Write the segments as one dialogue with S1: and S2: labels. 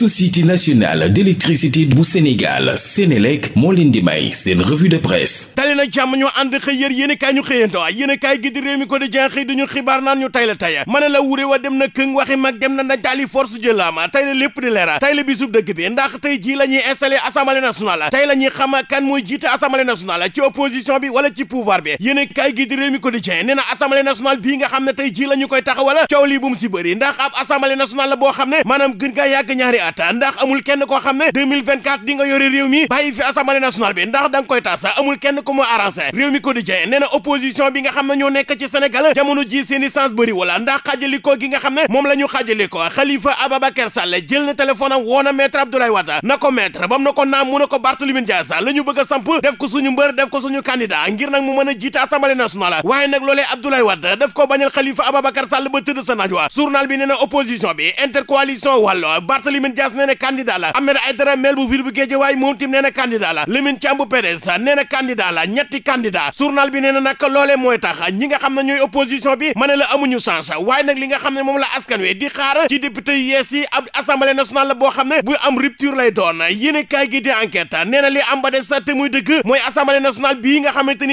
S1: société nationale d'électricité bu Sénégal Sénélec moo leen di may seen revue de presse tali na jàmm ñoo ànd xëy yér yéen i ñu xëyanto yéen i kaay gi réew mi ko di jenxëy dañu xibaar naan ñu tay la tey ma ne la wuré wa dem na këng waxi mag dem na dañ daali force jëlaama tay la lépp di leera tay la bisub dëkk bi ndax tey ji la ñuy installé assemblée nationale tey la ñuy xam kan mooy jiite assemblée nationale ci ci pouvoir bi yéen maanaam candidat ndax amul kenn koo xam ne 2024 di nga yore réew mi bàyyi fi assemblée nationale bi ndax da koy tas amul kenn ku mu arrangé réew mi quotidien nee na opposition bi nga xam ne ñoo nekk ci Sénégal jamono ji seen i sens bëri wala ndax xaajalikoo gi nga xam ne moom la ñu xaajalikoo Khalifa Ababacar Sall jël na téléphone am woo na maître na ko maître bam na ko naam mu na ko Barthélémy Dias la bëgg samp def ko suñu mbër def ko suñu candidat ngir nag Barthélémy Dias nee na candidat la Ahmed Aïdara maire bu ville bu Guédiawaye moom tim nee na candidat la Lamine Thiam bu PDS nee la ñetti candidat journal bi nee na nag mooy tax ñi nga xam ne ñooy opposition bi mën la amuñu chance waaye nag li nga xam ne moom la askan wi di xaar ci député yu ab assemblée nationale la boo xam ne buy am rupture lay doon yéen kaay gi di enquête nee li am ba des te muy dëgg mooy assemblée nationale bii nga xamante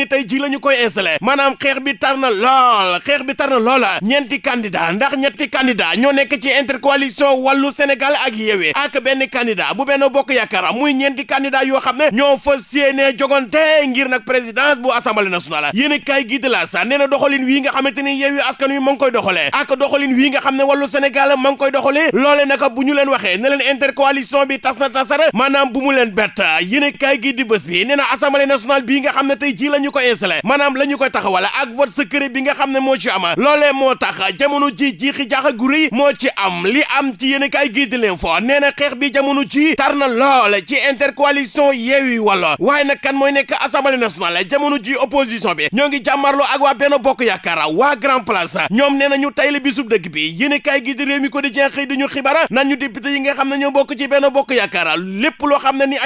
S1: Yewwi ak benn candidat bu benn bokk yaakaar muy ñeenti candidat yoo xam ne ñoo fas yéene jogante ngir nag présidence bu assemblée nationale yéen kay gi de la sa nee na doxalin wii nga xamante ni Yewwi Askan Wi ma ngi koy doxalee ak doxalin wii nga xam ne wàllu Sénégal ma ngi koy doxalee loole naka bu ñu leen waxee ne leen intercoalition bi tas na tasara maanaam bu mu leen bett yéen kay gi di bi nee na assemblée nationale bii nga xam ne tey ji la ñu ko installé maanaam la ñu ko taxawale ak vote secret bi nga xam ne moo ci ama loolee moo tax jamono ji jiixi jaaxa gu moo ci am li am ci yéen kay gi di leen nee na xeex bi jamono ji tar na lool ci intercoalition Yewwi Wallu waaye na kan mooy nekk assemblée nationale jamono ji opposition bi ñoo ngi jàmmarloo ak waa Benno Bokk Yaakaar waa Grand Place ñoom nee na ñu tey la bisub dëkk bi yéen kaay gi di Rewmi Quotidien xëy di ñu xibaar nan ñu député yi nga xam ne ñoo bokk ci Benno Bokk Yaakaar lépp loo xam ne ni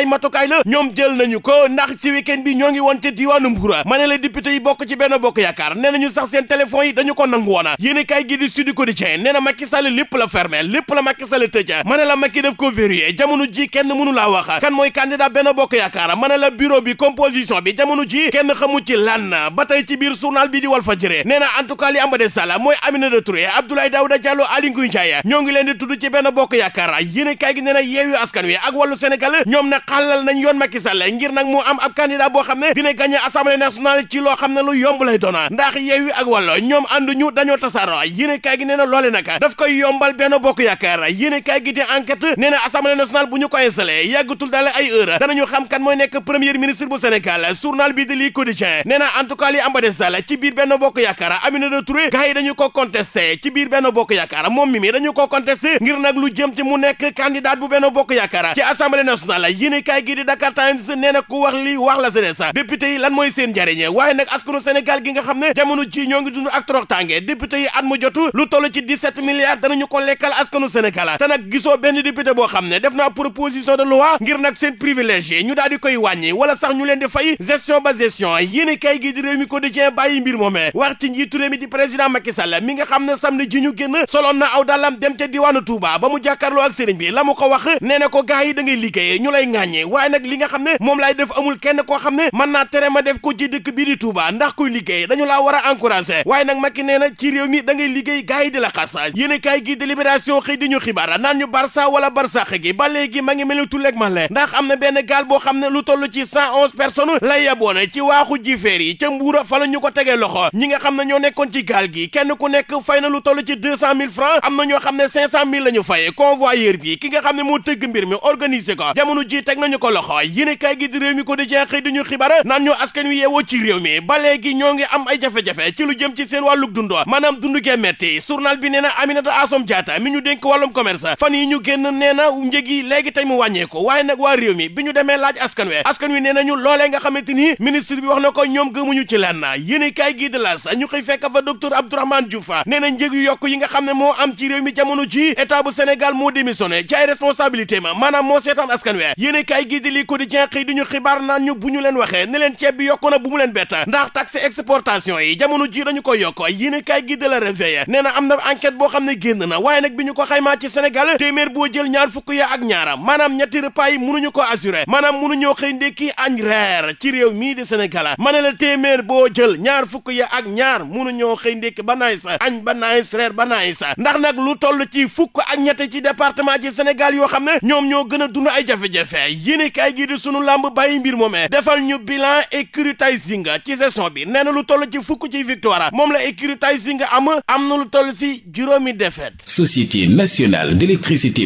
S1: ñoom jël nañu ko ndax ci week ngi woon ci diwaanu Mbour ma ne la yi bokk ci Benno Bokk Yaakaar nee ñu sax seen téléphone yi dañu ko nangu woon yéen kaay gi di Sud Quotidien nee na Macky Sall lépp la fermé lépp la Macky Sall tëj Macky daf ko verrouillé jamono ji kenn mënu laa wax kan mooy candidat benn bokk yaakaar mën la bureau bi composition bi jamono ji kenn xamu ci lan ba tey ci biir journal bi di Walf Fadjri nee na en tout cas li am ba des sala mooy Aminata Touré Abdoulaye Daouda Diallo Aly Ngouille Ndiaye ñoo ngi leen di tudd ci benn bokk yaakaar yéene kaay gi nee na yeewu askan wi ak wàllu Sénégal ñoom nag xàllal nañ yoon Macky Sall ngir nag mu am ab candidat boo xam ne dina gagné assemblée nationale ci loo xam ne lu yomb lay doona ndax yeewu ak wàllu ñoom ànduñu dañoo tasaaroo yéene kaay gi nee na loole nag daf koy yombal benn bokk yaakaar yéene kaay gi di enquête nee na assemblée bu ñu ko installé yàggatul daal ay heure danañu xam kan mooy nekk premier ministre bu Sénégal journal bi di lii quotidien nee na en tout amba de sall ci biir bokk yaakaar Aminata Touré gars yi dañu ko contesté ci biir bokk yaakaar moom mi mi dañu ko contesté ngir nag lu jëm ci mu nekk candidat bu benn bokk yaakaar ci assemblée nationale yéene kaay gi di Dakar Times nee na ku wax li wax la sene sa député yi lan mooy benn député def naa proposition de loi ngir nag seen privilège ñu daal koy wàññi wala sax ñu leen di fay gestion ba gestion yéen i kayi gi di réew mi quotidien bàyyi mbir moomee wax ci njiitu réew di président Macky Sall mi nga xam ne samedi ji ñu génn soloon na aw dàllam dem te diwaanu Touba ba mu jàkkaarloo ak sëriñ bi la mu wax nee ko gars yi liggéey ñu lay ŋàññe waaye nag li nga xam ne moom laay def amul kenn koo xam ne mën naa tere ma def ko ci dëkk a wala barsax gi ba léegi ma ngi mel ni tulleeg ma le ndax am na benn gaal boo xam ne lu toll ci cent onze personnes la yeboon ci waaxu jiféer yi ca mbuura fa la ñu ko tegee loxo ñi nga xam ne ñoo nekkoon ci gaal gi kenn ku nekk fay na lu toll ci deux cent mille francs am na ñoo xam ne cinq cent mil la fay convoyeur bi ki nga xam ne moo tëgg mbir mi organiser ko jamono ji teg nañu ko loxo yéene kaay gi di réew mi ko di jeex xëy di ñu xibaar naan ñu askan wi yeewoo ci réew mi ba léegi ñoo ngi am ay jafe ci lu jëm ci seen wàllug dundoo maanaam dund gee metti journal bi nee na Aminata Assome Diatta mi ñu dénk wàllum commerce fan yi ñu génn génn nee na njëg yi léegi tey mu wàññee waaye nag waa réew mi bi ñu demee laaj askan wi askan wi nee ñu loole nga xamante ni ministre bi wax na ko ñoom gëmuñu ci lenn yéen kaay gii de la sa ñu xëy fekk fa docteur Abdourahmane Diouf nee na njëg yu yokk yi nga xam ne moo am ci réew mi jamono ji état bu Sénégal moo démissionné ci ay responsabilité ma maanaam moo seetaan askan wi yéen kaay gii de li quotidien xëy di ñu xibaar naan ñu bu ñu leen waxee ne leen ceeb bi yokku na bu mu leen bett ndax taxe exportation yi jamono ji dañu ko yokk yéen kaay gii de la réveillé na am na enquête boo xam ne génn na waaye nag bi ñu ko xaymaa ci Sénégal téeméer boo jël ñaar fukk ya ak ñaaram maanaam ñetti repas yi munuñu ko assuré maanaam munuñoo xëy ndékki añ reer ci réew mii di Sénégal ma ne la téeméer boo jël ñaar fukk ya ak ñaar munuñoo xëy ndékki ba naay sa añ ba naay sa reer ba naay sa ndax nag lu toll ci fukk ak ñett ci département ci Sénégal yoo xam ne ñoom ñoo gën a dund ay jafe-jafe yéen kay gi di sunu làmb bàyyi mbir moomee defal ñu bilan écrutizing ci saison bi nee na lu toll ci fukk ci victoire moom la écrutizing am am na lu toll si juróomi défaite société nationale d'électricité